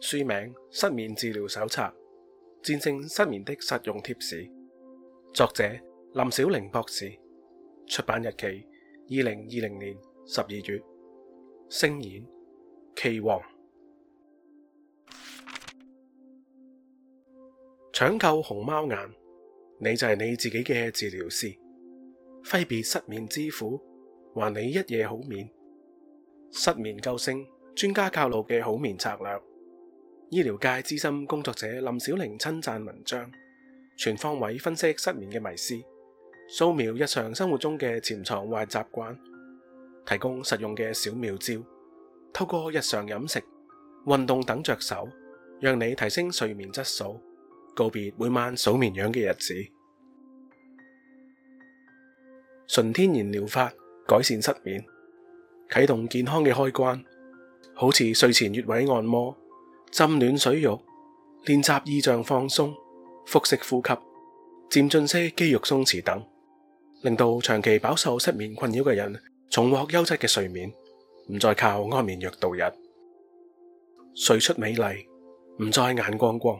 書名《失眠自療手冊》，戰勝失眠的實用貼士。作者林小玲博士。出版日期：二零二零年十二月。聲演：奇王。搶救熊貓眼，你就係你自己嘅治療師，揮別失眠之苦，還你一夜好眠。失眠救星，專家教路嘅好眠策略。醫療界資深工作者林小玲親撰文章，全方位分析失眠嘅迷思，掃描日常生活中嘅潛藏壞習慣，提供實用嘅小妙招，透過日常飲食、運動等着手，讓你提升睡眠質素，告別每晚數綿羊嘅日子。純天然療法改善失眠，啟動健康嘅開關，好似睡前穴位按摩。浸暖水浴，練習意象放鬆、腹式呼吸、漸進式肌肉鬆弛等，令到長期飽受失眠困擾嘅人重獲優質嘅睡眠，唔再靠安眠藥度日，睡出美麗，唔再眼光光。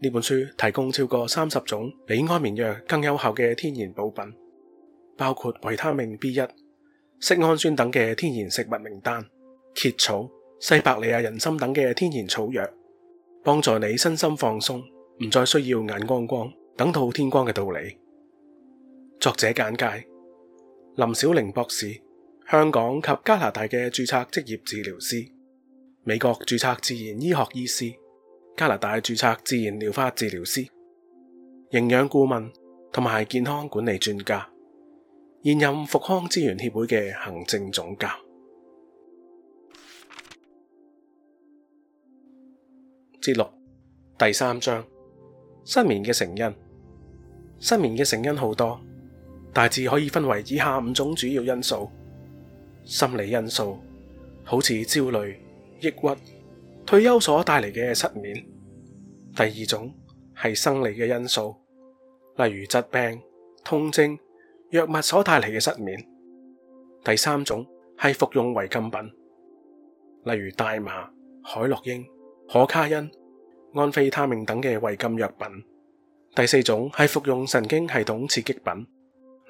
呢本書提供超過三十種比安眠藥更有效嘅天然補品，包括維他命 B 一、色胺酸等嘅天然食物名單，纈草。西伯利亞人參等嘅天然草藥，幫助你身心放鬆，唔再需要眼光光等到天光嘅道理。作者簡介：林小玲博士，香港及加拿大嘅註冊職業治療師，美國註冊自然醫學醫師，加拿大註冊自然療法治療師，營養顧問同埋健康管理專家，現任復康資源協會嘅行政總監。之六，第三章，失眠嘅成因。失眠嘅成因好多，大致可以分為以下五種主要因素：心理因素，好似焦慮、抑鬱、退休所帶嚟嘅失眠；第二種係生理嘅因素，例如疾病、痛症、藥物所帶嚟嘅失眠；第三種係服用違禁品，例如大麻、海洛因、可卡因。安非他命等嘅違禁藥品；第四種係服用神經系統刺激品，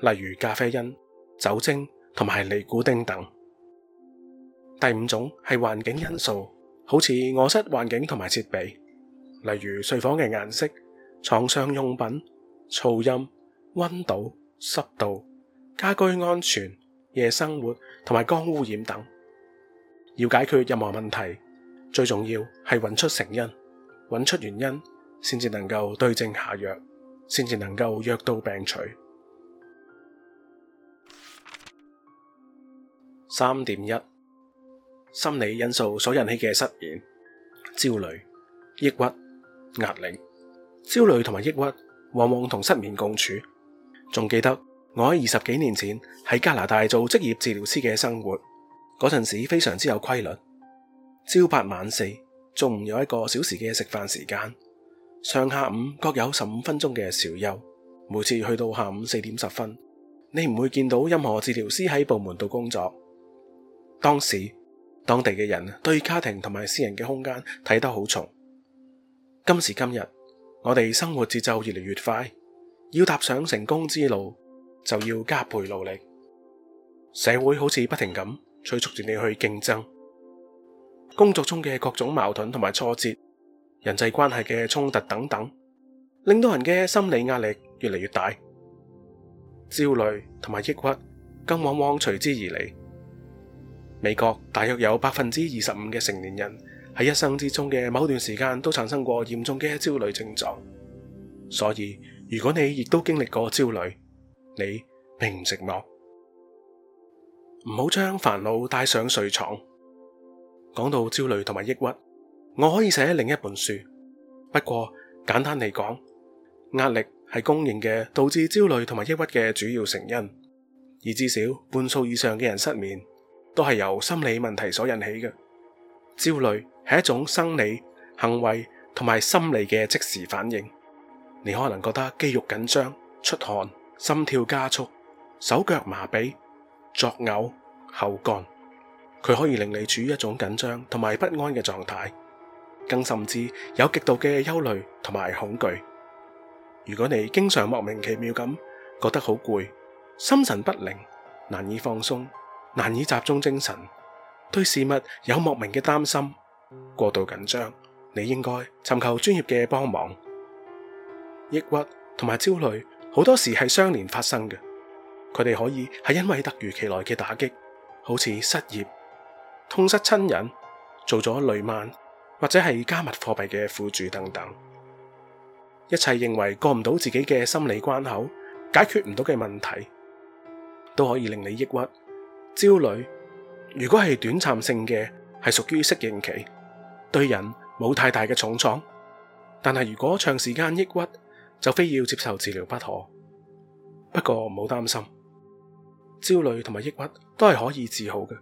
例如咖啡因、酒精同埋尼古丁等；第五種係環境因素，好似臥室環境同埋設備，例如睡房嘅顏色、床上用品、噪音、溫度、濕度、家居安全、夜生活同埋光污染等。要解決任何問題，最重要係揾出成因。搵出原因，先至能夠對症下藥，先至能夠藥到病除。三點一心理因素所引起嘅失眠、焦慮、抑鬱、壓力。焦慮同埋抑鬱，往往同失眠共處。仲記得我喺二十幾年前喺加拿大做職業治療師嘅生活，嗰陣時非常之有規律，朝八晚四。仲有一個小時嘅食飯時間，上下午各有十五分鐘嘅小休。每次去到下午四點十分，你唔會見到任何治療師喺部門度工作。當時當地嘅人對家庭同埋私人嘅空間睇得好重。今時今日，我哋生活節奏越嚟越快，要踏上成功之路，就要加倍努力。社會好似不停咁催促住你去競爭。工作中嘅各種矛盾同埋挫折，人際關係嘅衝突等等，令到人嘅心理壓力越嚟越大，焦慮同埋抑鬱更往往隨之而嚟。美國大約有百分之二十五嘅成年人喺一生之中嘅某段時間都產生過嚴重嘅焦慮症狀。所以，如果你亦都經歷過焦慮，你並唔寂寞。唔好將煩惱帶上睡床。講到焦慮同埋抑鬱，我可以寫另一本書。不過簡單嚟講，壓力係公認嘅導致焦慮同埋抑鬱嘅主要成因，而至少半數以上嘅人失眠都係由心理問題所引起嘅。焦慮係一種生理、行為同埋心理嘅即時反應。你可能覺得肌肉緊張、出汗、心跳加速、手腳麻痹、作嘔、喉乾。佢可以令你處於一種緊張同埋不安嘅狀態，更甚至有極度嘅憂慮同埋恐懼。如果你經常莫名其妙咁覺得好攰、心神不寧、難以放鬆、難以集中精神、對事物有莫名嘅擔心、過度緊張，你應該尋求專業嘅幫忙。抑鬱同埋焦慮好多時係相連發生嘅，佢哋可以係因為突如其來嘅打擊，好似失業，痛失親人，做咗雷曼或者係加密貨幣嘅苦主等等，一切認為過唔到自己嘅心理關口，解決唔到嘅問題，都可以令你抑鬱焦慮。如果係短暫性嘅，係屬於適應期，對人冇太大嘅重創。但係如果長時間抑鬱，就非要接受治療不可。不過唔好擔心，焦慮同埋抑鬱都係可以治好嘅。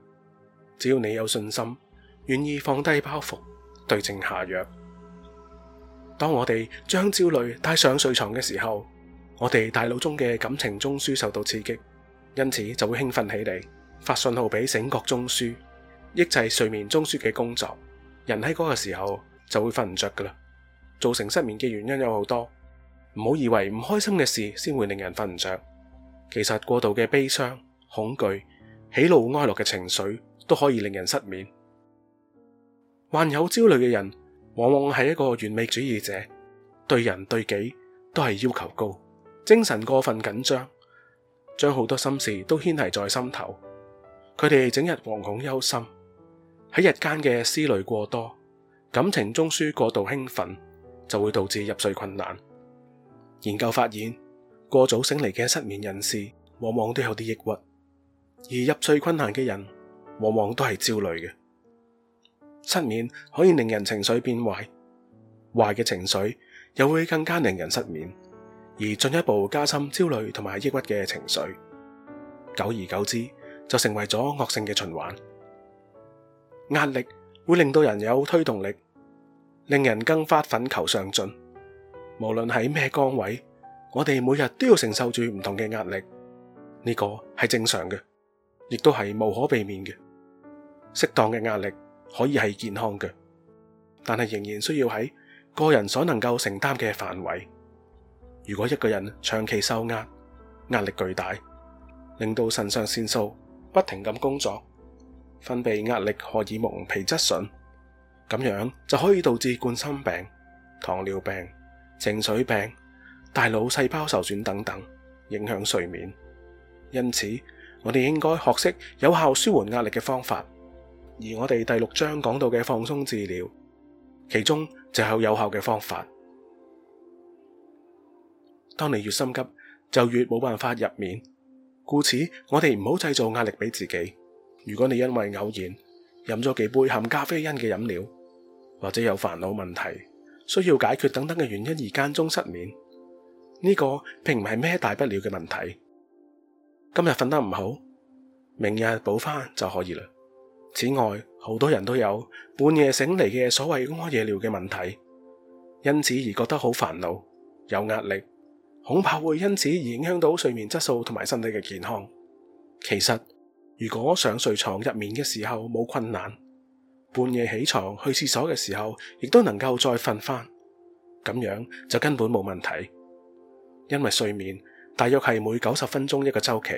只要你有信心，願意放低包袱，對症下藥。當我哋將焦慮帶上睡床嘅時候，我哋大腦中嘅感情中樞受到刺激，因此就會興奮起嚟，發信號俾醒覺中樞，抑制睡眠中樞嘅工作。人喺嗰個時候就會瞓唔着㗎喇。造成失眠嘅原因有好多，唔好以為唔開心嘅事先會令人瞓唔着，其實過度嘅悲傷、恐懼、喜怒哀樂嘅情緒，都可以令人失眠，患有焦慮嘅人往往係一個完美主義者，對人對己都係要求高，精神過分緊張，將好多心事都牽繫在心頭，佢哋整日惶恐憂心，喺日間嘅思慮過多，感情中樞過度興奮，就會導致入睡困難。研究發現，過早醒嚟嘅失眠人士，往往都有啲抑鬱，而入睡困難嘅人。往往都係焦慮嘅。失眠可以令人情緒變壞，壞嘅情緒又會更加令人失眠，而進一步加深焦慮同埋抑鬱嘅情緒，久而久之就成為咗惡性嘅循環。壓力會令到人有推動力，令人更發奮求上進。無論喺咩崗位，我哋每日都要承受住唔同嘅壓力，呢個係正常嘅，亦都係無可避免嘅。適當嘅壓力可以係健康嘅，但係仍然需要喺個人所能夠承擔嘅範圍。如果一個人長期受壓，壓力巨大，令到腎上腺素不停咁工作，分泌壓力荷爾蒙、皮質醇，咁樣就可以導致冠心病、糖尿病、情緒病、大腦細胞受損等等，影響睡眠。因此，我哋應該學識有效舒緩壓力嘅方法。而我哋第六章講到嘅放鬆治療，其中就有有效嘅方法。當你越心急，就越冇辦法入眠。故此，我哋唔好製造壓力俾自己。如果你因為偶然飲咗幾杯含咖啡因嘅飲料，或者有煩惱問題需要解決等等嘅原因而間中失眠，呢個並唔係咩大不了嘅問題。今日瞓得唔好，明日補翻就可以啦。此外，好多人都有半夜醒嚟嘅所謂屙夜尿嘅問題，因此而覺得好煩惱、有壓力，恐怕會因此而影響到睡眠質素同埋身體嘅健康。其實，如果上睡床入眠嘅時候冇困難，半夜起床去廁所嘅時候，亦都能夠再瞓翻，咁樣就根本冇問題。因為睡眠大約係每九十分鐘一個周期，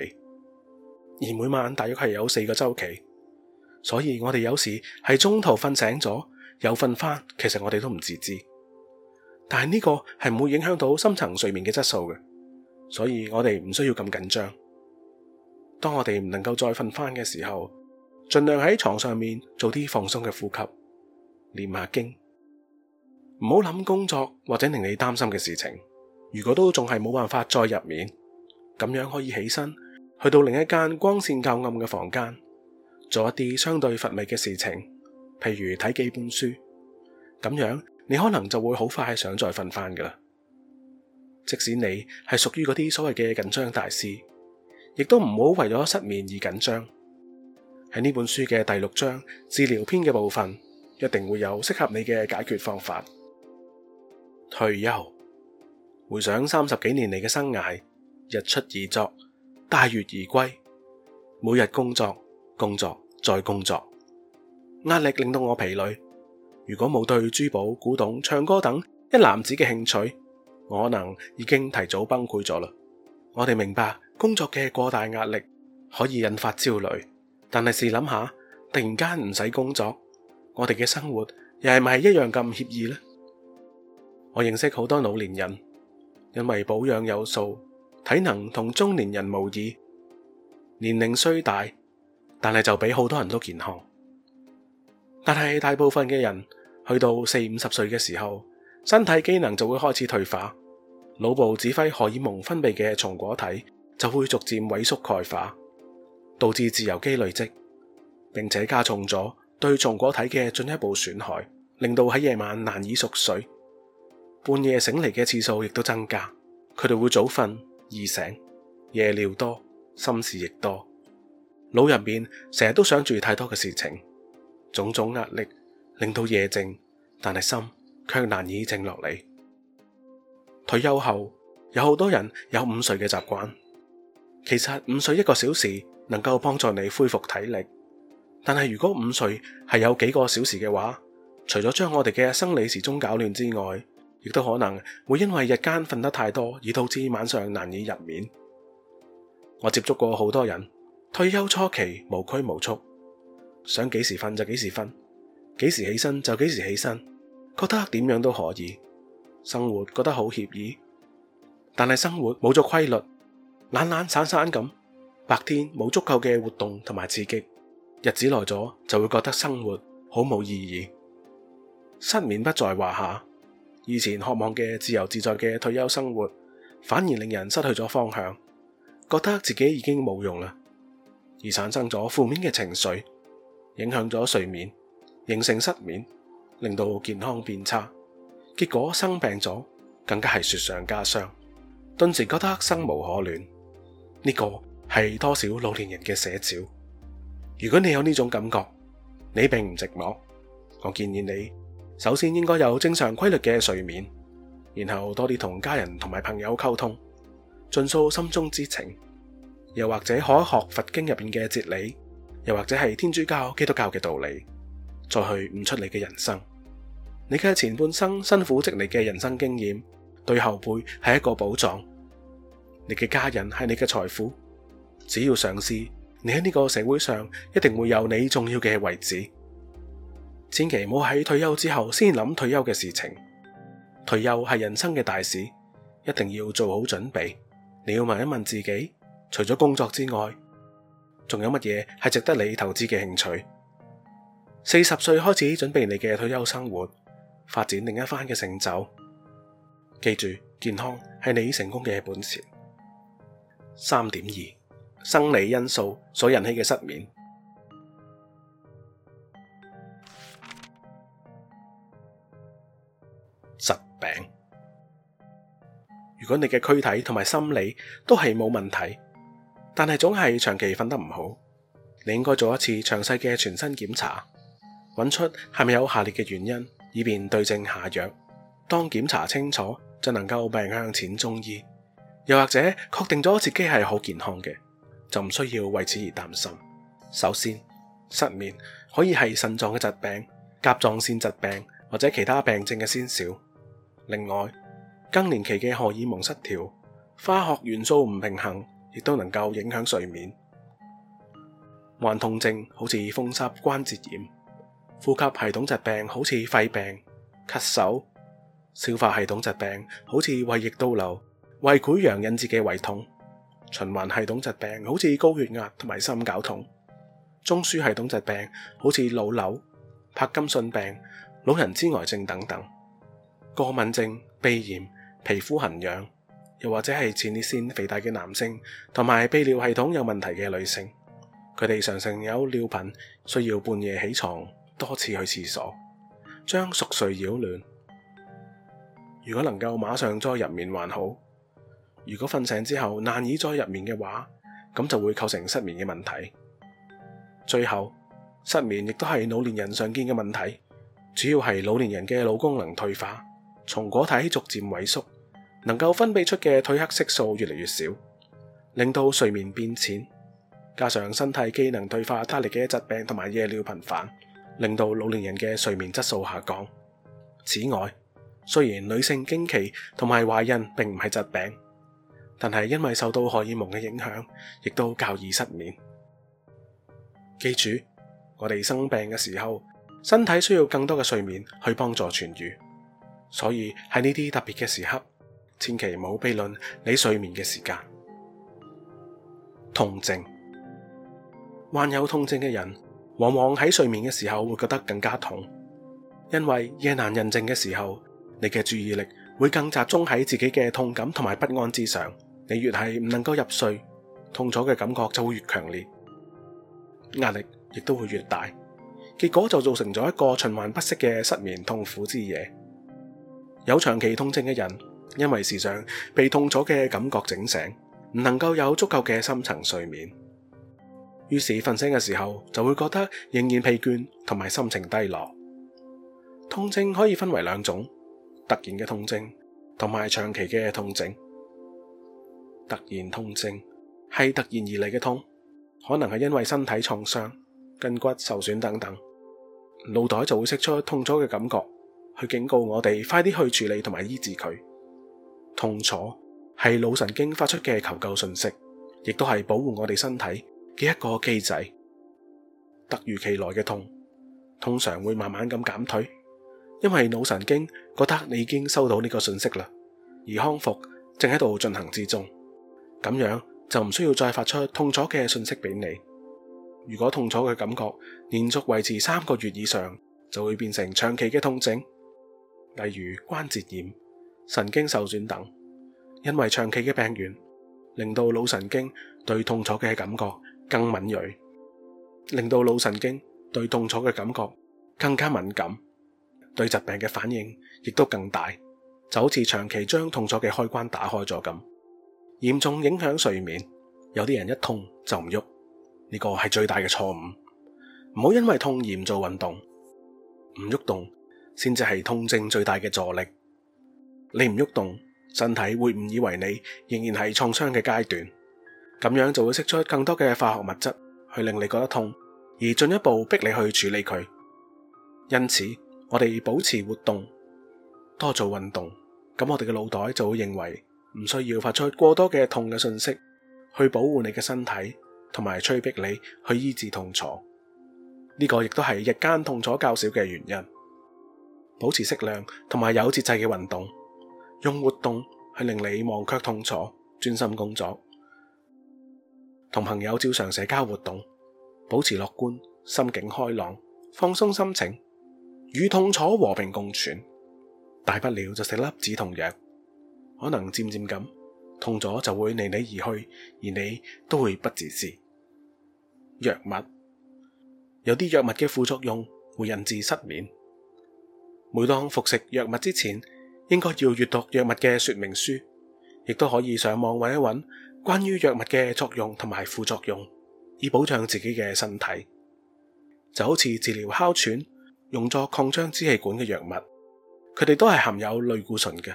而每晚大約係有四個周期。所以我哋有時係中途瞓醒咗，又瞓翻，其實我哋都唔自知。但係呢個係唔會影響到深層睡眠嘅質素嘅，所以我哋唔需要咁緊張。當我哋唔能夠再瞓翻嘅時候，盡量喺床上面做啲放鬆嘅呼吸，練下經，唔好諗工作或者令你擔心嘅事情。如果都仲係冇辦法再入眠，咁樣可以起身去到另一間光線較暗嘅房間。做一啲相對乏味嘅事情，譬如睇幾本書，咁樣你可能就會好快想再瞓翻噶。即使你係屬於嗰啲所謂嘅緊張大師，亦都唔好為咗失眠而緊張。喺呢本書嘅第六章治療篇嘅部分，一定會有適合你嘅解決方法。退休回想三十幾年嚟嘅生涯，日出而作，大月而歸，每日工作工作，在工作，壓力令到我疲累。如果冇對珠寶、古董、唱歌等一籃子嘅興趣，我可能已經提早崩潰咗啦。我哋明白工作嘅過大壓力可以引發焦慮，但係試諗下，突然間唔使工作，我哋嘅生活又係咪一樣咁愜意呢？我認識好多老年人，因為保養有素，體能同中年人無異，年齡雖大。但係就比好多人都健康，但係大部分嘅人去到四五十歲嘅時候，身體機能就會開始退化，腦部指揮荷爾蒙分泌嘅松果體就會逐漸萎縮鈣化，導致自由基累積，並且加重咗對松果體嘅進一步損害，令到喺夜晚難以熟睡，半夜醒嚟嘅次數亦都增加，佢哋會早瞓易醒，夜尿多，心事亦多。腦入面成日都想住太多嘅事情，種種壓力令到夜靜，但係心卻難以靜落嚟。退休後有好多人有午睡嘅習慣，其實午睡一個小時能夠幫助你恢復體力，但係如果午睡係有幾個小時嘅話，除咗將我哋嘅生理時鐘搞亂之外，亦都可能會因為日間瞓得太多而導致晚上難以入眠。我接觸過好多人。退休初期無拘無束，想幾時瞓就幾時瞓，幾時起身就幾時起身，覺得點樣都可以，生活覺得好愜意。但係生活冇咗規律，懶懶散散咁，白天冇足夠嘅活動同埋刺激，日子耐咗就會覺得生活好冇意義。失眠不在話下，以前渴望嘅自由自在嘅退休生活，反而令人失去咗方向，覺得自己已經冇用啦。而產生咗負面嘅情緒，影響咗睡眠，形成失眠，令到健康變差，結果生病咗，更加係雪上加霜，頓時覺得生無可戀。呢個係多少老年人嘅寫照。如果你有呢種感覺，你並唔寂寞。我建議你首先應該有正常規律嘅睡眠，然後多啲同家人同埋朋友溝通，盡訴心中之情。又或者可學，學佛經入邊嘅哲理，又或者係天主教、基督教嘅道理，再去悟出你嘅人生。你嘅前半生辛苦積累嘅人生經驗，對後輩係一個寶藏。你嘅家人係你嘅財富，只要嘗試，你喺呢個社會上一定會有你重要嘅位置。千祈唔好喺退休之後先諗退休嘅事情。退休係人生嘅大事，一定要做好準備。你要問一問自己。除咗工作之外，仲有乜嘢係值得你投資嘅興趣？四十歲開始準備你嘅退休生活，發展另一番嘅成就。記住，健康係你成功嘅本錢。三點二生理因素所引起嘅失眠。疾病。如果你嘅軀體同埋心理都係冇問題。但係總係長期瞓得唔好，你應該做一次詳細嘅全身檢查，揾出係咪有下列嘅原因，以便對症下藥。當檢查清楚就能夠病向淺中醫，又或者確定咗自己係好健康嘅，就唔需要為此而擔心。首先，失眠可以係腎臟嘅疾病、甲狀腺疾病或者其他病症嘅先兆。另外，更年期嘅荷爾蒙失調、化學元素唔平衡。亦都能夠影響睡眠。患痛症好似風濕關節炎、呼吸系統疾病好似肺病、咳嗽、消化系統疾病好似胃液倒流、胃潰瘍引致嘅胃痛、循環系統疾病好似高血壓同埋心絞痛、中樞系統疾病好似腦瘤、帕金遜病、老人痴呆症等等。過敏症、鼻炎、皮膚痕癢。又或者係前列腺肥大嘅男性，同埋泌尿系統有問題嘅女性，佢哋常常有尿頻，需要半夜起床多次去廁所，將熟睡擾亂。如果能夠馬上再入眠還好，如果瞓醒之後難以再入眠嘅話，咁就會構成失眠嘅問題。最後，失眠亦都係老年人常見嘅問題，主要係老年人嘅腦功能退化，松果體逐漸萎縮。能夠分泌出嘅褪黑色素越嚟越少，令到睡眠變淺。加上身體機能退化帶嚟嘅疾病同埋夜尿頻繁，令到老年人嘅睡眠質素下降。此外，雖然女性經期同埋懷孕並唔係疾病，但係因為受到荷爾蒙嘅影響，亦都較易失眠。記住，我哋生病嘅時候，身體需要更多嘅睡眠去幫助痊癒，所以喺呢啲特別嘅時刻。千祈唔好批論你睡眠嘅時間。痛症，患有痛症嘅人，往往喺睡眠嘅時候會覺得更加痛，因為夜闌人靜嘅時候，你嘅注意力會更集中喺自己嘅痛感同埋不安之上，你越係唔能夠入睡，痛楚嘅感覺就會越強烈，壓力亦都會越大，結果就造成咗一個循環不息嘅失眠痛苦之夜。有長期痛症嘅人。因為時常被痛楚嘅感覺整醒，唔能夠有足夠嘅深層睡眠，於是瞓醒嘅時候就會覺得仍然疲倦同埋心情低落。痛症可以分為兩種：突然嘅痛症同埋長期嘅痛症。突然痛症係突然而嚟嘅痛，可能係因為身體創傷、筋骨受損等等，腦袋就會釋出痛楚嘅感覺，去警告我哋快啲去處理同埋醫治佢。痛楚係腦神經發出嘅求救訊息，亦都係保護我哋身體嘅一個機制。突如其來嘅痛通常會慢慢咁減退，因為腦神經覺得你已經收到呢個訊息啦，而康復正喺度進行之中。咁樣就唔需要再發出痛楚嘅訊息俾你。如果痛楚嘅感覺連續維持三個月以上，就會變成長期嘅痛症，例如關節炎。神經受損等，因為長期嘅病源，令到腦神經對痛楚嘅感覺更敏銳，令到腦神經對痛楚嘅感覺更加敏感，對疾病嘅反應亦都更大，就好似長期將痛楚嘅開關打開咗咁，嚴重影響睡眠。有啲人一痛就唔喐，呢個係最大嘅錯誤。唔好因為痛而唔做運動，唔喐動先至係痛症最大嘅助力。你唔喐動，身體會誤以為你仍然係創傷嘅階段，咁樣就會釋出更多嘅化學物質去令你覺得痛，而進一步逼你去處理佢。因此，我哋保持活動，多做運動，咁我哋嘅腦袋就會認為唔需要發出過多嘅痛嘅信息，去保護你嘅身體，同埋催逼你去醫治痛楚。呢個亦都係日間痛楚較少嘅原因。保持適量同埋有節制嘅運動。用活動去令你忘卻痛楚，專心工作，同朋友照常社交活動，保持樂觀，心境開朗，放鬆心情，與痛楚和平共存。大不了就食粒止痛藥，可能漸漸咁痛咗就會離你而去，而你都會不自知。藥物。有啲藥物嘅副作用會引致失眠，每當服食藥物之前。應該要閱讀藥物嘅說明書，亦都可以上網揾一揾關於藥物嘅作用同埋副作用，以保障自己嘅身體。就好似治療哮喘、用作擴張支氣管嘅藥物，佢哋都係含有類固醇嘅；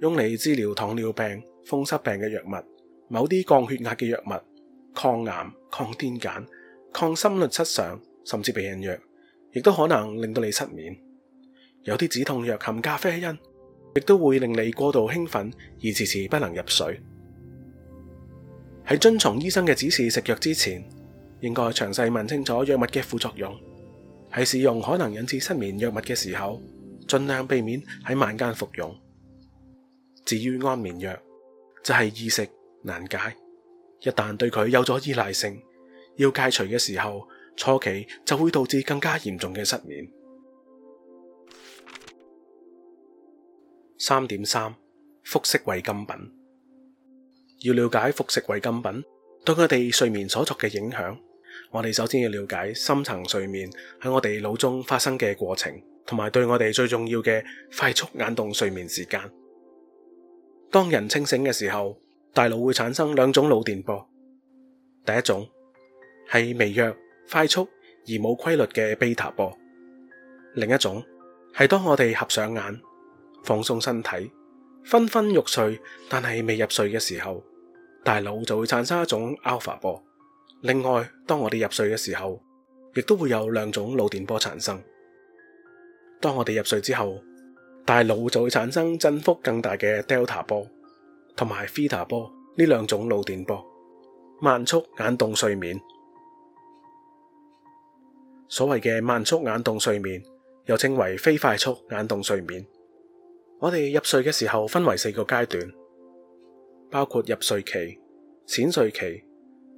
用嚟治療糖尿病、風濕病嘅藥物，某啲降血壓嘅藥物、抗癌、抗癲癇、抗心律失常，甚至避孕藥，亦都可能令到你失眠。有啲止痛藥含咖啡因，亦都會令你過度興奮而遲遲不能入睡。喺遵從醫生嘅指示食藥之前，應該詳細問清楚藥物嘅副作用。喺使用可能引致失眠藥物嘅時候，盡量避免喺晚間服用。至於安眠藥，就係易食難解，一旦對佢有咗依賴性，要戒除嘅時候，初期就會導致更加嚴重嘅失眠。三點三，服食違禁品。要了解服食違禁品對佢哋睡眠所作嘅影響，我哋首先要了解深層睡眠喺我哋腦中發生嘅過程，同埋對我哋最重要嘅快速眼動睡眠時間。當人清醒嘅時候，大腦會產生兩種腦電波，第一種係微弱、快速而冇規律嘅貝塔波，另一種係當我哋合上眼。放鬆身體，昏昏欲睡，但係未入睡嘅時候，大腦就會產生一種 alpha 波。另外，當我哋入睡嘅時候，亦都會有兩種腦電波產生。當我哋入睡之後，大腦就會產生振幅更大嘅 delta 波同埋 theta 波呢兩種腦電波。慢速眼動睡眠，所謂嘅慢速眼動睡眠，又稱為非快速眼動睡眠。我哋入睡嘅時候分為四個階段，包括入睡期、淺睡期、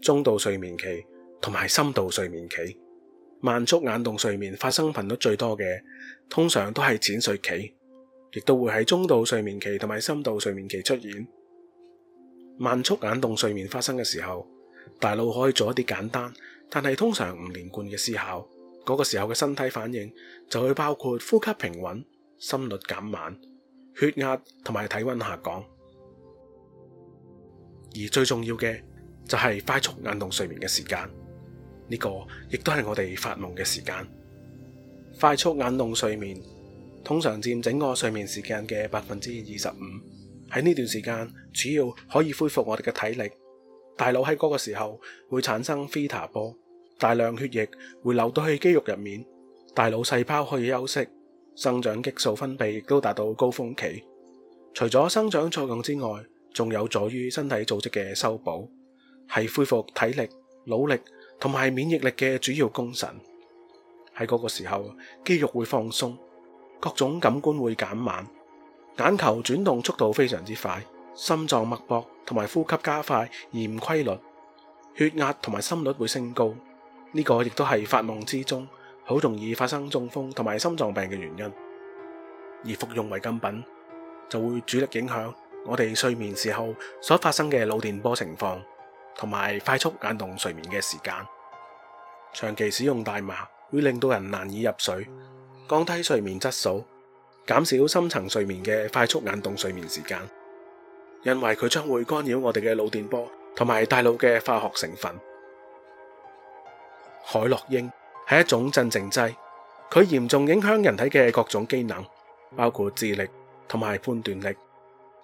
中度睡眠期同埋深度睡眠期。慢速眼動睡眠發生頻率最多嘅，通常都係淺睡期，亦都會喺中度睡眠期同埋深度睡眠期出現。慢速眼動睡眠發生嘅時候，大腦可以做一啲簡單，但係通常唔連貫嘅思考。嗰個時候嘅身體反應就會包括呼吸平穩、心率減慢。血壓同埋體溫下降，而最重要嘅就係快速眼動睡眠嘅時間，呢個亦都係我哋發夢嘅時間。快速眼動睡眠通常佔整個睡眠時間嘅百分之二十五，喺呢段時間主要可以恢復我哋嘅體力，大腦喺嗰個時候會產生 theta 波，大量血液會流到去肌肉入面，大腦細胞可以休息。生長激素分泌亦都達到高峰期，除咗生長作用之外，仲有助於身體組織嘅修補，係恢復體力、腦力同埋免疫力嘅主要功臣。喺嗰個時候，肌肉會放鬆，各種感官會減慢，眼球轉動速度非常之快，心臟脈搏同埋呼吸加快而唔規律，血壓同埋心率會升高。呢個亦都係發夢之中，好容易發生中風同埋心臟病嘅原因，而服用違禁品就會主力影響我哋睡眠時候所發生嘅腦電波情況，同埋快速眼動睡眠嘅時間。長期使用大麻會令到人難以入睡，降低睡眠質素，減少深層睡眠嘅快速眼動睡眠時間，因為佢將會干擾我哋嘅腦電波同埋大腦嘅化學成分。海洛因。係一種鎮靜劑，佢嚴重影響人體嘅各種機能，包括智力同埋判斷力。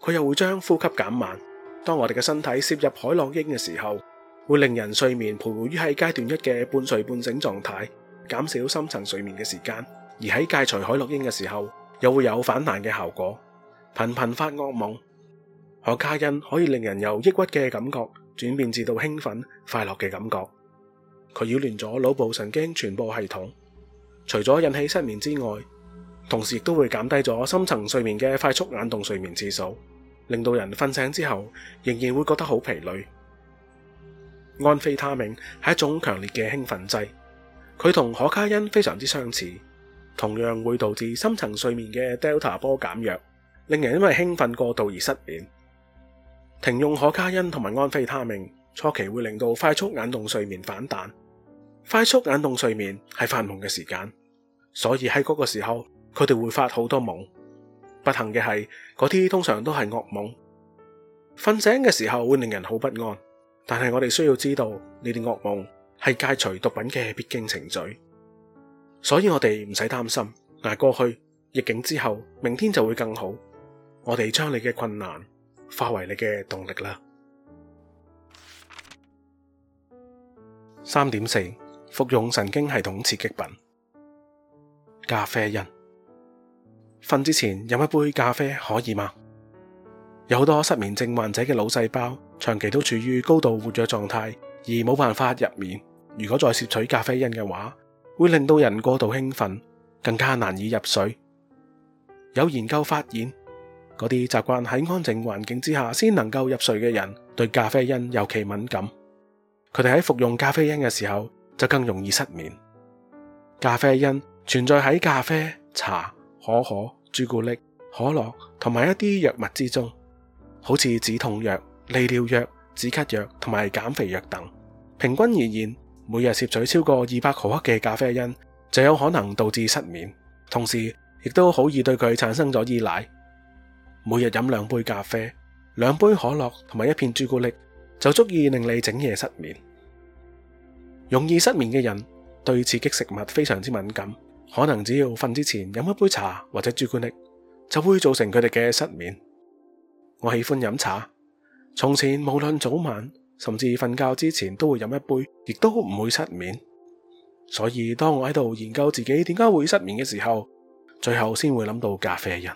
佢又會將呼吸減慢。當我哋嘅身體攝入海洛因嘅時候，會令人睡眠徘徊於喺階段一嘅半睡半醒狀態，減少深層睡眠嘅時間。而喺戒除海洛因嘅時候，又會有反彈嘅效果，頻頻發噩夢。可卡因可以令人由抑鬱嘅感覺轉變至到興奮快樂嘅感覺。佢擾亂咗腦部神經傳播系統，除咗引起失眠之外，同時亦都會減低咗深層睡眠嘅快速眼動睡眠次數，令到人瞓醒之後仍然會覺得好疲累。安非他命係一種強烈嘅興奮劑，佢同可卡因非常之相似，同樣會導致深層睡眠嘅 Delta 波減弱，令人因為興奮過度而失眠。停用可卡因同埋安非他命初期會令到快速眼動睡眠反彈。快速眼動睡眠係發夢嘅時間，所以喺嗰個時候，佢哋會發好多夢。不幸嘅係，嗰啲通常都係噩夢。瞓醒嘅時候會令人好不安，但係我哋需要知道，呢啲噩夢係戒除毒品嘅必經程序，所以我哋唔使擔心，捱過去逆境之後，明天就會更好。我哋將你嘅困難化為你嘅動力啦。三點四。服用神經系統刺激品咖啡因。瞓之前飲一杯咖啡可以嗎？有好多失眠症患者嘅腦細胞長期都處於高度活躍狀態，而冇辦法入眠。如果再攝取咖啡因嘅話，會令到人過度興奮，更加難以入睡。有研究發現，嗰啲習慣喺安靜環境之下先能夠入睡嘅人，對咖啡因尤其敏感。佢哋喺服用咖啡因嘅時候，就更容易失眠。咖啡因存在喺咖啡、茶、可可、朱古力、可樂同埋一啲藥物之中，好似止痛藥、利尿藥、止咳藥同埋減肥藥等。平均而言，每日攝取超過二百毫克嘅咖啡因，就有可能導致失眠，同時亦都好易對佢產生咗依賴。每日飲兩杯咖啡、兩杯可樂同埋一片朱古力，就足以令你整夜失眠。容易失眠嘅人對刺激食物非常之敏感，可能只要瞓之前飲一杯茶或者朱古力，就會造成佢哋嘅失眠。我喜歡飲茶，從前無論早晚，甚至瞓覺之前都會飲一杯，亦都唔會失眠。所以當我喺度研究自己點解會失眠嘅時候，最後先會諗到咖啡因。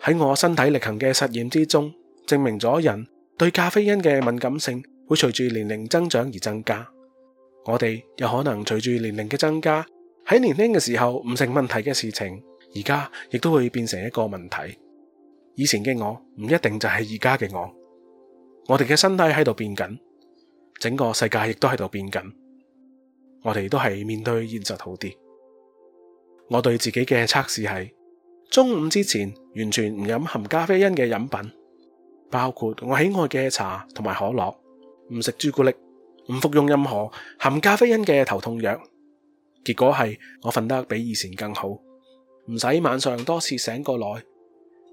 喺我身體力行嘅實驗之中，證明咗人對咖啡因嘅敏感性，會隨住年齡增長而增加，我哋有可能隨住年齡嘅增加，喺年輕嘅時候唔成問題嘅事情，而家亦都會變成一個問題。以前嘅我唔一定就係而家嘅我，我哋嘅身體喺度變緊，整個世界亦都喺度變緊，我哋都係面對現實好啲。我對自己嘅測試係中午之前完全唔飲含咖啡因嘅飲品，包括我喜愛嘅茶同埋可樂。唔食朱古力，唔服用任何含咖啡因嘅頭痛藥，結果係我瞓得比以前更好，唔使晚上多次醒過來，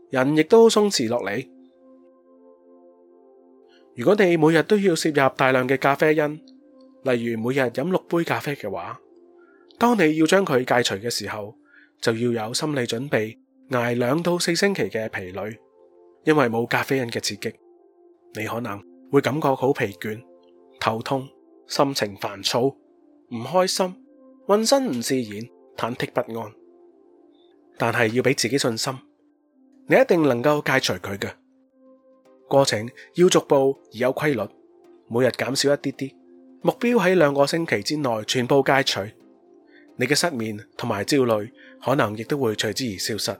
人亦都鬆弛落嚟。如果你每日都要攝入大量嘅咖啡因，例如每日飲六杯咖啡嘅話，當你要將佢戒除嘅時候，就要有心理準備捱兩到四星期嘅疲累，因為冇咖啡因嘅刺激，你可能會感覺好疲倦、頭痛、心情煩躁、唔開心、渾身唔自然、忐忑不安。但係要俾自己信心，你一定能夠戒除佢嘅。過程要逐步而有規律，每日減少一啲啲，目標喺兩個星期之內全部戒除。你嘅失眠同埋焦慮可能亦都會隨之而消失。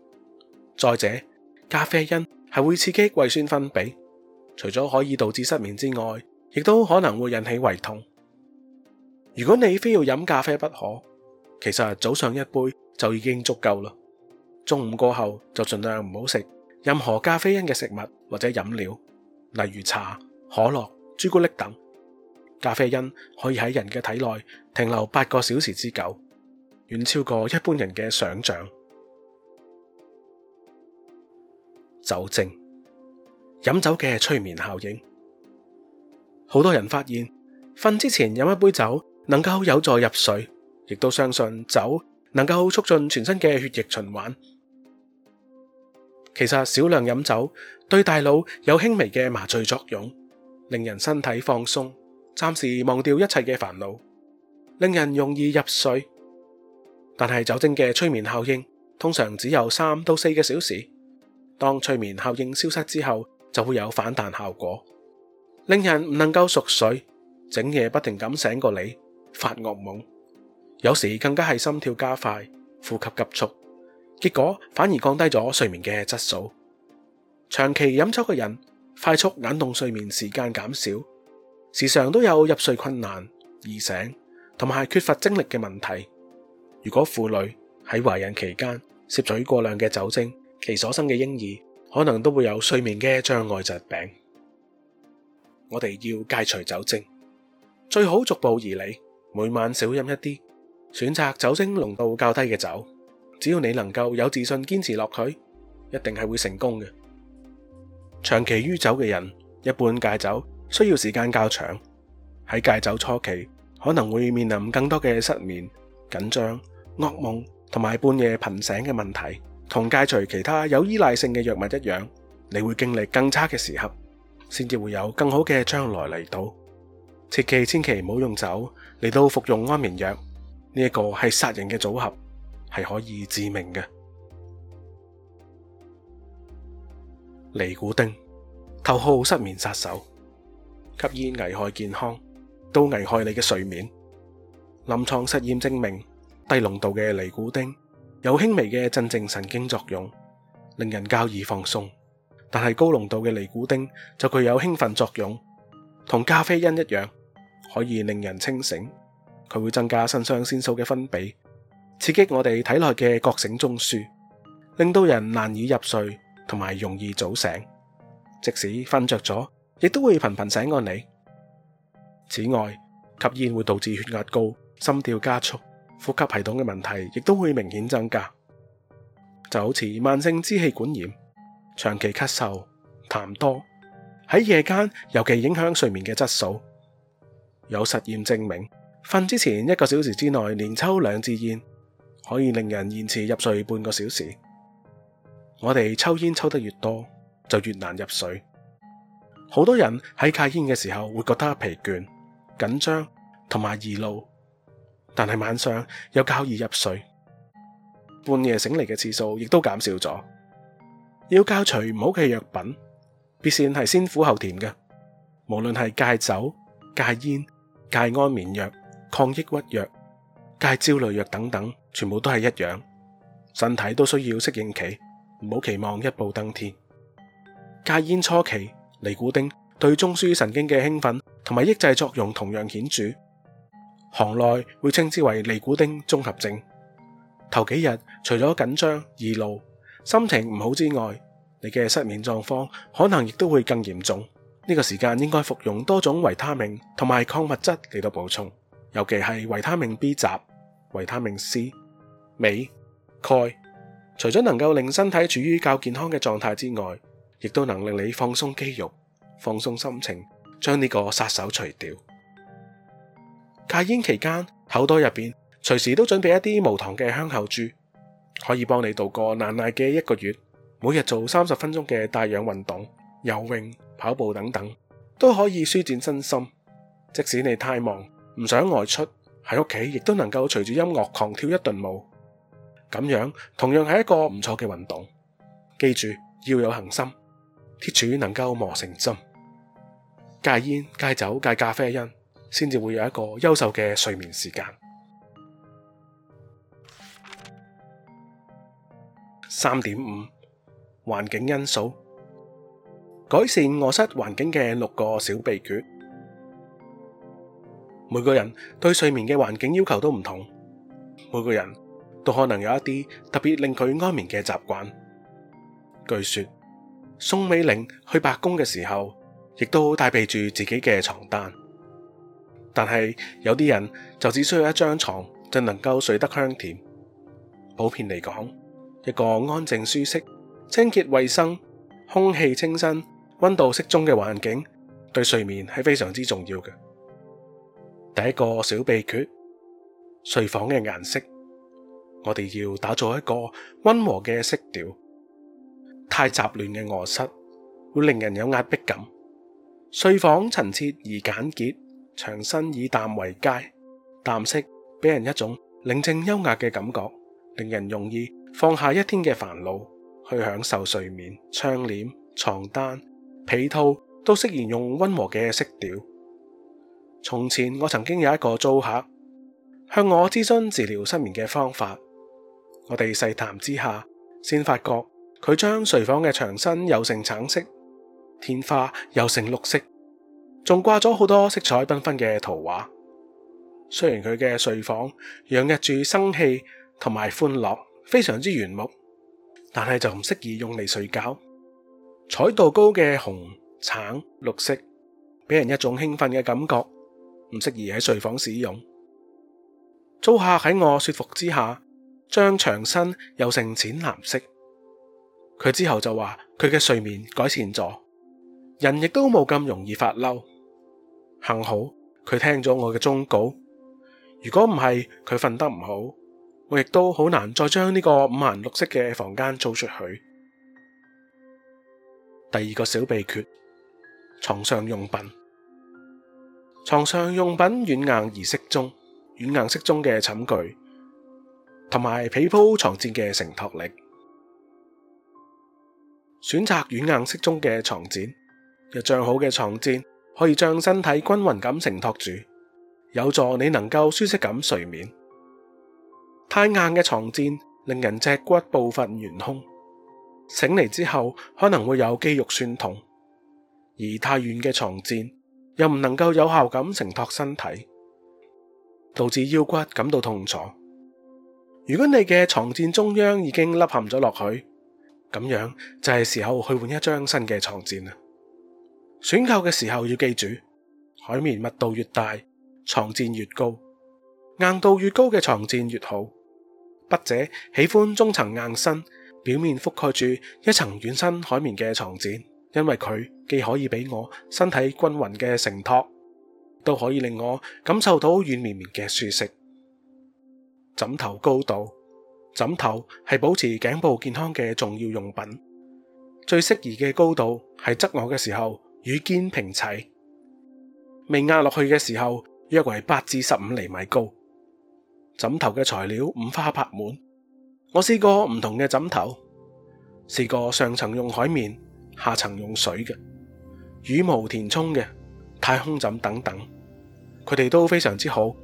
再者，咖啡因係會刺激胃酸分泌，除咗可以導致失眠之外，亦都可能會引起胃痛。如果你非要飲咖啡不可，其實早上一杯就已經足夠啦。中午過後就盡量唔好食任何咖啡因嘅食物或者飲料，例如茶、可樂、朱古力等。咖啡因可以喺人嘅體內停留八個小時之久，遠超過一般人嘅想象。酒精，飲酒嘅催眠效應，好多人發現瞓之前飲一杯酒能夠有助入睡，亦都相信酒能夠促進全身嘅血液循環。其實少量飲酒對大腦有輕微嘅麻醉作用，令人身體放鬆，暫時忘掉一切嘅煩惱，令人容易入睡。但係酒精嘅催眠效應通常只有三到四個小時。當睡眠效應消失之後,就會有反彈效果。令人唔能夠熟睡,整夜不停噉醒過嚟,發噩夢。有時更加係心跳加快,呼吸急速。結果,反而降低咗睡眠嘅質素。長期飲酒嘅人,快速眼動睡眠時間減少。時常都有入睡困難,易醒,同埋缺乏精力嘅問題。如果婦女在懷孕期間攝取過量嘅酒精,其所生嘅嬰兒可能都會有睡眠嘅障礙疾病。我哋要戒除酒精，最好逐步而嚟，每晚少飲一啲，選擇酒精濃度較低嘅酒。只要你能夠有自信堅持落去，一定係會成功嘅。長期酗酒嘅人，一般戒酒需要時間較長。喺戒酒初期，可能會面臨更多嘅失眠、緊張、噩夢同埋半夜頻醒嘅問題。同戒除其他有依賴性嘅藥物一樣，你會經歷更差嘅時刻，先至會有更好嘅將來嚟到。切記，千祈唔好用酒嚟到服用安眠藥，呢個係殺人嘅組合，係可以致命嘅。尼古丁，頭號失眠殺手，吸煙危害健康，都危害你嘅睡眠。臨床實驗證明，低濃度嘅尼古丁，有輕微嘅鎮靜神經作用，令人較易放鬆。但係高濃度嘅尼古丁就具有興奮作用，同咖啡因一樣，可以令人清醒。佢會增加腎上腺素嘅分泌，刺激我哋體內嘅覺醒中樞，令到人難以入睡同埋容易早醒。即使瞓着咗，亦都會頻頻醒過你。此外，吸煙會導致血壓高、心跳加速。呼吸系統嘅問題亦都會明顯增加，就好似慢性支氣管炎、長期咳嗽、痰多，喺夜間尤其影響睡眠嘅質素。有實驗證明，瞓之前一個小時之內連抽兩支煙，可以令人延遲入睡半個小時。我哋抽煙抽得越多，就越難入睡。好多人喺戒煙嘅時候會覺得疲倦、緊張同埋易怒。但係晚上又較易入睡，半夜醒嚟嘅次數亦都減少咗。要戒除唔好嘅藥品，必然係先苦後甜嘅。無論係戒酒、戒煙、戒安眠藥、抗抑鬱藥、戒焦慮藥等等，全部都係一樣，身體都需要適應期，唔好期望一步登天。戒煙初期，尼古丁對中樞神經嘅興奮同埋抑制作用同樣顯著。行內會稱之為尼古丁綜合症。頭幾日除咗緊張、易怒、心情唔好之外，你嘅失眠狀況可能亦都會更嚴重。呢、這個時間應該服用多種維他命同埋礦物質嚟到補充，尤其係維他命 B 雜、維他命 C、鎂、鈣。除咗能夠令身體處於較健康嘅狀態之外，亦都能令你放鬆肌肉、放鬆心情，將呢個殺手除掉。戒煙期間，口袋入邊隨時都準備一啲無糖嘅香口珠，可以幫你度過難捱嘅一個月。每日做三十分鐘嘅帶氧運動、游泳、跑步等等，都可以舒展身心。即使你太忙唔想外出，喺屋企亦都能夠隨住音樂狂跳一段舞。咁樣同樣係一個唔錯嘅運動。記住要有恒心，鐵柱能夠磨成針。戒煙、戒酒、戒咖啡因，先至會有一個優秀嘅睡眠時間。三點五環境因素，改善臥室環境嘅六個小秘訣。每個人對睡眠嘅環境要求都唔同，每個人都可能有一啲特別令佢安眠嘅習慣。據說，宋美齡去白宮嘅時候，亦都帶備住自己嘅床單。但係有啲人就只需要一張床就能夠睡得香甜。普遍嚟講，一個安靜、舒適、清潔、衛生、空氣清新、溫度適中嘅環境，對睡眠係非常之重要嘅。第一個小秘訣，睡房嘅顏色，我哋要打造一個溫和嘅色調。太雜亂嘅臥室會令人有壓迫感。睡房陳設而簡潔。長身以淡為佳，淡色俾人一種寧靜優雅嘅感覺，令人容易放下一天嘅煩惱，去享受睡眠。窗簾、床單、被套都適宜用溫和嘅色調。從前我曾經有一個租客向我諮詢治療失眠嘅方法，我哋細談之下，先發覺佢將睡房嘅牆身油成橙色，天花又成綠色。仲掛咗好多色彩繽紛嘅圖畫，雖然佢嘅睡房洋溢住生氣同埋歡樂，非常之圓木，但係就唔適宜用嚟睡覺。彩度高嘅紅、橙、綠色俾人一種興奮嘅感覺，唔適宜喺睡房使用。租客喺我說服之下，將牆身油成淺藍色。佢之後就話佢嘅睡眠改善咗，人亦都冇咁容易發嬲。幸好佢聽咗我嘅忠告，如果唔係佢瞓得唔好，我亦都好難再將呢個五顏六色嘅房間租出去。第二個小秘訣：床上用品。床上用品軟硬而適中，軟硬適中嘅寢具同埋被鋪床墊嘅承托力，選擇軟硬適中嘅床墊，又張好嘅床墊，可以將身體均勻咁承托住，有助你能夠舒適咁睡眠。太硬嘅床墊令人脊骨部分懸空，醒嚟之後可能會有肌肉酸痛；而太軟嘅床墊又唔能夠有效咁承托身體，導致腰骨感到痛楚。如果你嘅床墊中央已經凹陷咗落去，咁樣就係時候去換一張新嘅床墊啦。選購嘅時候要記住，海綿密度越大，床墊越高，硬度越高嘅床墊越好。筆者喜歡中層硬身，表面覆蓋住一層軟身海綿嘅床墊，因為佢既可以俾我身體均勻嘅承托，都可以令我感受到軟綿綿嘅舒適。枕頭高度，枕頭係保持頸部健康嘅重要用品，最適宜嘅高度係側臥嘅時候，與肩平齊，未壓落去嘅時候，約為八至十五厘米高。枕頭嘅材料五花八門，我試過唔同嘅枕頭，試過上層用海綿、下層用水嘅，羽毛填充嘅、太空枕等等，佢哋都非常之好。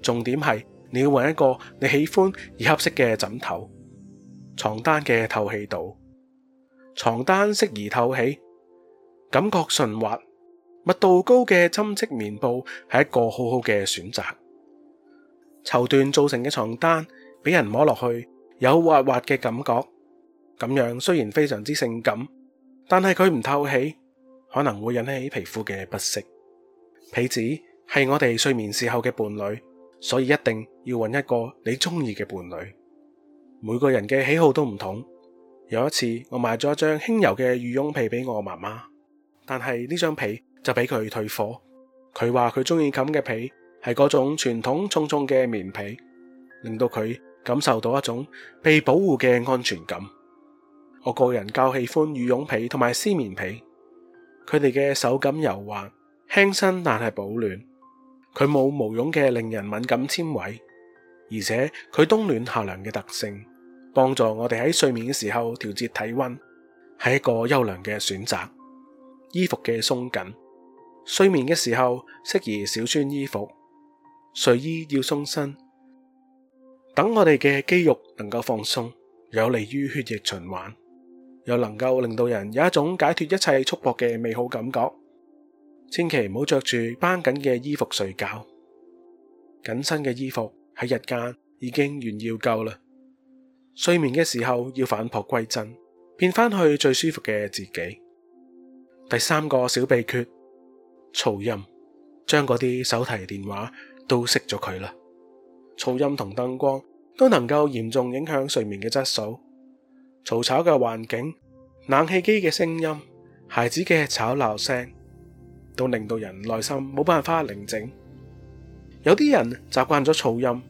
重點係你要揾一個你喜歡而合適嘅枕頭。床單嘅透氣度，床單適宜透氣。感覺順滑、密度高嘅針織棉布係一個好好嘅選擇。綢緞造成嘅床單俾人摸落去有滑滑嘅感覺，咁樣雖然非常之性感，但係佢唔透氣，可能會引起皮膚嘅不適。被子係我哋睡眠時候嘅伴侶，所以一定要揾一個你中意嘅伴侶。每個人嘅喜好都唔同。有一次，我買咗一張輕柔嘅羽絨被俾我媽媽。但係呢張被就俾佢退貨。佢話佢中意咁嘅被係嗰種傳統重重嘅棉被，令到佢感受到一種被保護嘅安全感。我個人較喜歡羽絨被同埋絲綿被，佢哋嘅手感柔滑、輕身，但係保暖。佢冇毛絨嘅令人敏感纖維，而且佢冬暖夏涼嘅特性，幫助我哋喺睡眠嘅時候調節體溫，係一個優良嘅選擇。衣服嘅鬆緊，睡眠嘅時候適宜少穿衣服，睡衣要鬆身，等我哋嘅肌肉能夠放鬆，有利於血液循環，又能夠令到人有一種解脫一切束縛嘅美好感覺。千祈唔好着住繃緊嘅衣服睡覺，緊身嘅衣服喺日間已經完要夠啦。睡眠嘅時候要反璞歸真，變翻去最舒服嘅自己。第三個小秘訣：噪音，將嗰啲手提電話都熄咗佢啦。噪音同燈光都能夠嚴重影響睡眠嘅質素。嘈吵嘅環境、冷氣機嘅聲音、孩子嘅吵鬧聲，都令到人內心冇辦法寧靜。有啲人習慣咗噪音，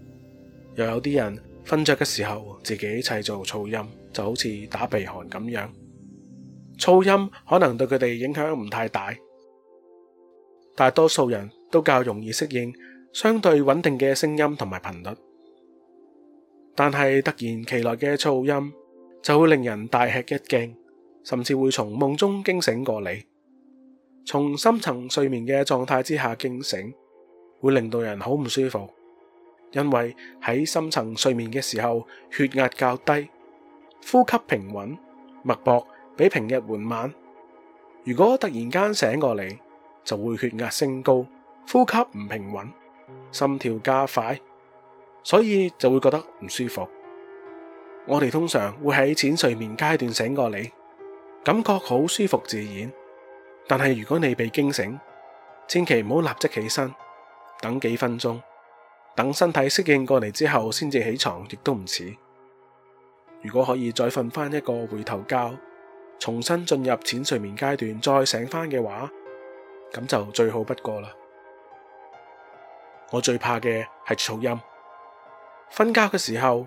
又有啲人瞓着嘅時候自己砌造噪音，就好似打鼻鼾咁樣。噪音可能對佢哋影響唔太大，大多數人都較容易適應相對穩定嘅聲音同埋頻率，但係突然其來嘅噪音就會令人大吃一驚，甚至會從夢中驚醒過嚟。從深層睡眠嘅狀態之下驚醒，會令到人好唔舒服，因為喺深層睡眠嘅時候，血壓較低，呼吸平穩，脈搏，比平日緩慢。如果突然間醒過嚟，就會血壓升高、呼吸唔平穩、心跳加快，所以就會覺得唔舒服。我哋通常會喺淺睡眠階段醒過嚟，感覺好舒服自然。但係如果你被驚醒，千祈唔好立即起身，等幾分鐘，等身體適應過嚟之後先至起床，亦都唔遲。如果可以再瞓翻一個回頭覺。重新進入淺睡眠階段再醒翻嘅話，咁就最好不過啦。我最怕嘅係噪音。瞓覺嘅時候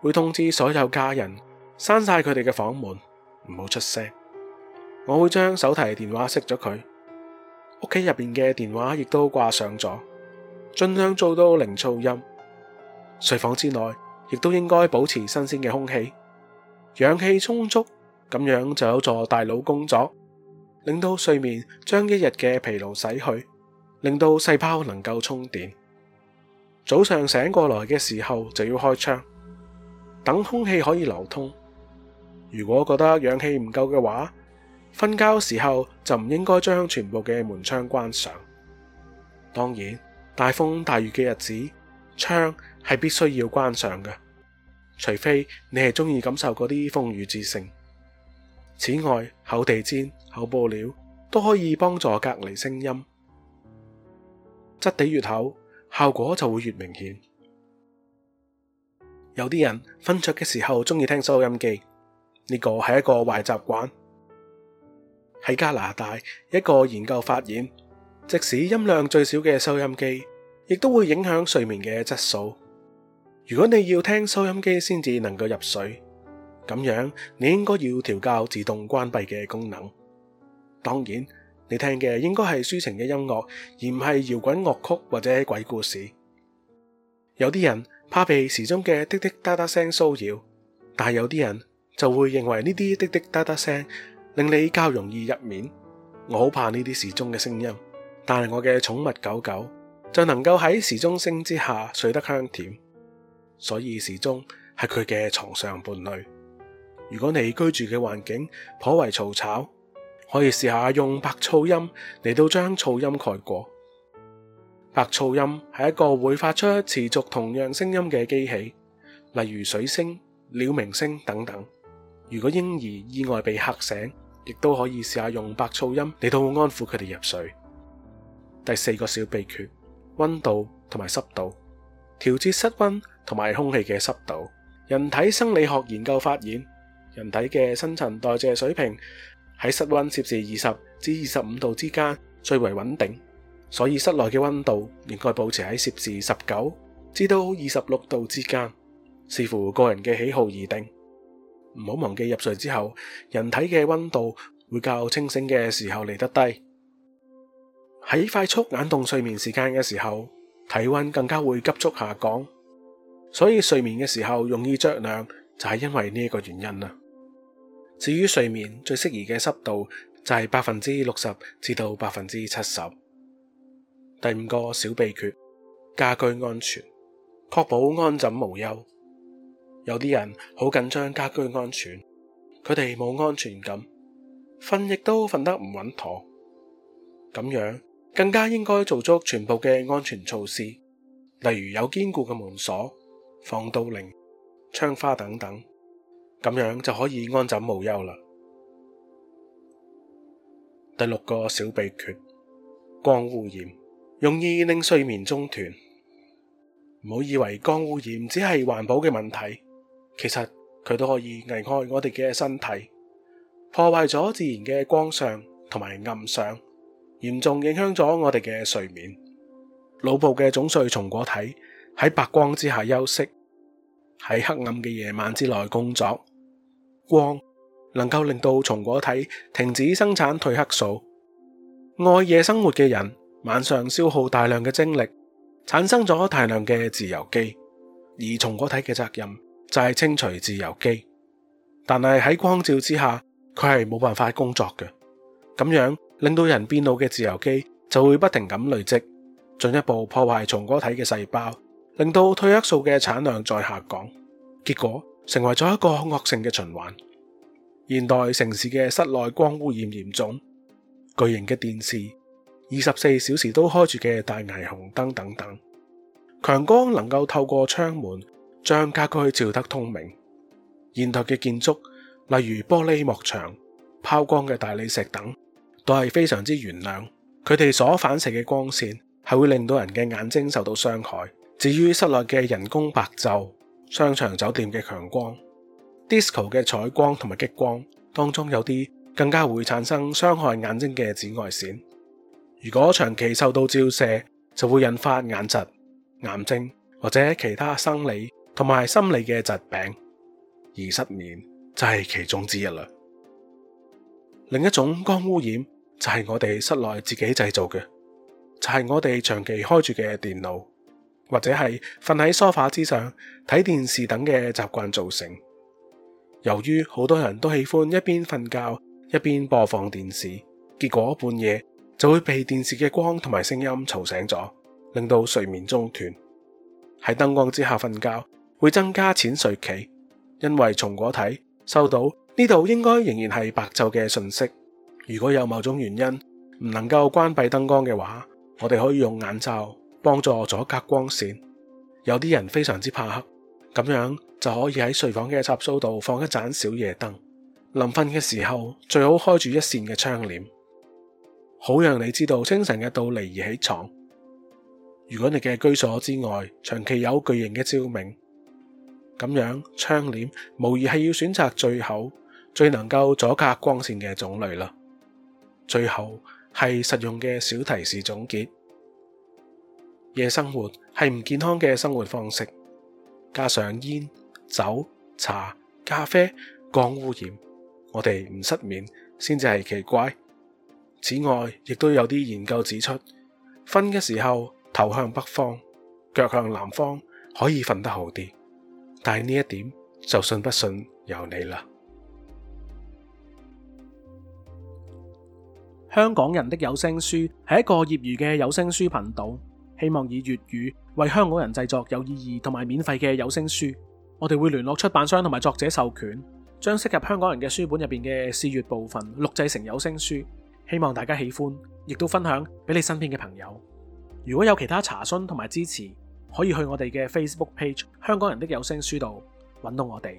會通知所有家人，閂晒佢哋嘅房門，唔好出聲。我會將手提電話熄咗佢，屋企入邊嘅電話亦都掛上咗，盡量做到零噪音。睡房之內亦都應該保持新鮮嘅空氣，氧氣充足。咁樣就有助大腦工作，令到睡眠將一日嘅疲勞洗去，令到細胞能夠充電。早上醒過來嘅時候就要開窗，等空氣可以流通。如果覺得氧氣唔夠嘅話，瞓覺時候就唔應該將全部嘅門窗關上。當然，大風大雨嘅日子，窗係必須要關上嘅，除非你係中意感受嗰啲風雨之聲。此外，厚地氈、厚布料都可以幫助隔離聲音，質地越厚，效果就會越明顯。有啲人瞓著嘅時候鍾意聽收音機，呢、這個係一個壞習慣。喺加拿大，一個研究發現，即使音量最少嘅收音機，亦都會影響睡眠嘅質素。如果你要聽收音機先至能夠入睡。咁樣你應該要調校自動關閉嘅功能。當然，你聽嘅應該係抒情嘅音樂，而唔係搖滾樂曲或者鬼故事。有啲人怕被時鐘嘅滴滴嗒嗒聲騷擾，但係有啲人就會認為呢啲滴滴嗒嗒聲令你較容易入眠。我好怕呢啲時鐘嘅聲音，但係我嘅寵物狗狗就能夠喺時鐘聲之下睡得香甜，所以時鐘係佢嘅床上伴侶。如果你居住嘅環境頗為嘈吵，可以試下用白噪音嚟到將噪音蓋過。白噪音係一個會發出持續同樣聲音嘅機器，例如水聲、鳥鳴聲等等。如果嬰兒意外被嚇醒，亦都可以試下用白噪音嚟到安撫佢哋入睡。第四個小秘訣：溫度同埋濕度，調節室溫同埋空氣嘅濕度。人體生理學研究發現。人體嘅新陳代謝水平喺室溫攝氏二十至二十五度之間最為穩定，所以室內嘅溫度應該保持喺攝氏十九至到二十六度之間，視乎個人嘅喜好而定。唔好忘記入睡之後，人體嘅溫度會較清醒嘅時候嚟得低。喺快速眼動睡眠時間嘅時候，體溫更加會急速下降，所以睡眠嘅時候容易着涼，就係因為呢個原因啦。至於睡眠最適宜嘅濕度就係百分之六十至到百分之七十。第五個小秘訣：家居安全，確保安枕無憂。有啲人好緊張家居安全，佢哋冇安全感，瞓亦都瞓得唔穩妥。咁樣更加應該做足全部嘅安全措施，例如有堅固嘅門鎖、防盜鈴、窗花等等。咁樣就可以安枕無憂啦。第六個小秘訣，光污染容易令睡眠中斷。唔好以為光污染只係環保嘅問題，其實佢都可以危害我哋嘅身體，破壞咗自然嘅光相同埋暗相，嚴重影響咗我哋嘅睡眠。腦部嘅松果體喺白光之下休息，喺黑暗嘅夜晚之內工作。光能夠令到松果體停止生產褪黑素。愛夜生活嘅人晚上消耗大量嘅精力，產生咗大量嘅自由基，而松果體嘅責任就係清除自由基。但係喺光照之下，佢係冇辦法工作嘅。咁樣令到人變老嘅自由基就會不停咁累積，進一步破壞松果體嘅細胞，令到褪黑素嘅產量再下降，結果。成為咗一個惡性嘅循環。現代城市嘅室內光污染嚴重，巨型嘅電視、二十四小時都開住嘅大霓虹燈等等，強光能夠透過窗門，將家居照得通明。現代嘅建築，例如玻璃幕牆、拋光嘅大理石等，都係非常之原亮。佢哋所反射嘅光線係會令到人嘅眼睛受到傷害。至於室內嘅人工白晝。商場酒店嘅強光、disco 嘅彩光同埋激光，當中有啲更加會產生傷害眼睛嘅紫外線。如果長期受到照射，就會引發眼疾、癌症或者其他生理同埋心理嘅疾病。而失眠就係、是、其中之一啦。另一種光污染就係、是、我哋室內自己製造嘅，就係、是、我哋長期開住嘅電腦。或者係瞓喺梳化之上睇電視等嘅習慣造成。由於好多人都喜歡一邊瞓覺一邊播放電視，結果半夜就會被電視嘅光同埋聲音吵醒咗，令到睡眠中斷。喺燈光之下瞓覺會增加淺睡期，因為松果體收到呢度應該仍然係白晝嘅訊息。如果有某種原因唔能夠關閉燈光嘅話，我哋可以用眼罩。幫助阻隔光線，有啲人非常之怕黑，咁樣就可以喺睡房嘅插蘇度放一盞小夜燈。臨瞓嘅時候最好開住一線嘅窗簾，好讓你知道清晨嘅到嚟而起床。如果你嘅居所之外長期有巨型嘅照明，咁樣窗簾無疑係要選擇最好、最能夠阻隔光線嘅種類啦。最後係實用嘅小提示總結。夜生活係唔健康嘅生活方式，加上煙、酒、茶、咖啡、光污染，我哋唔失眠先至係奇怪。此外，亦都有啲研究指出，瞓嘅時候頭向北方、腳向南方可以瞓得好啲，但係呢一點就信不信由你啦。香港人的有聲書係一個業餘嘅有聲書頻道。希望以粵語為香港人製作有意義同埋免費嘅有聲書。我哋會聯絡出版商同埋作者授權，將適合香港人嘅書本入邊嘅試閱部分錄製成有聲書，希望大家喜歡，亦都分享俾你身邊嘅朋友。如果有其他查詢同埋支持，可以去我哋嘅 Facebook Page《香港人的有聲書》度揾到我哋。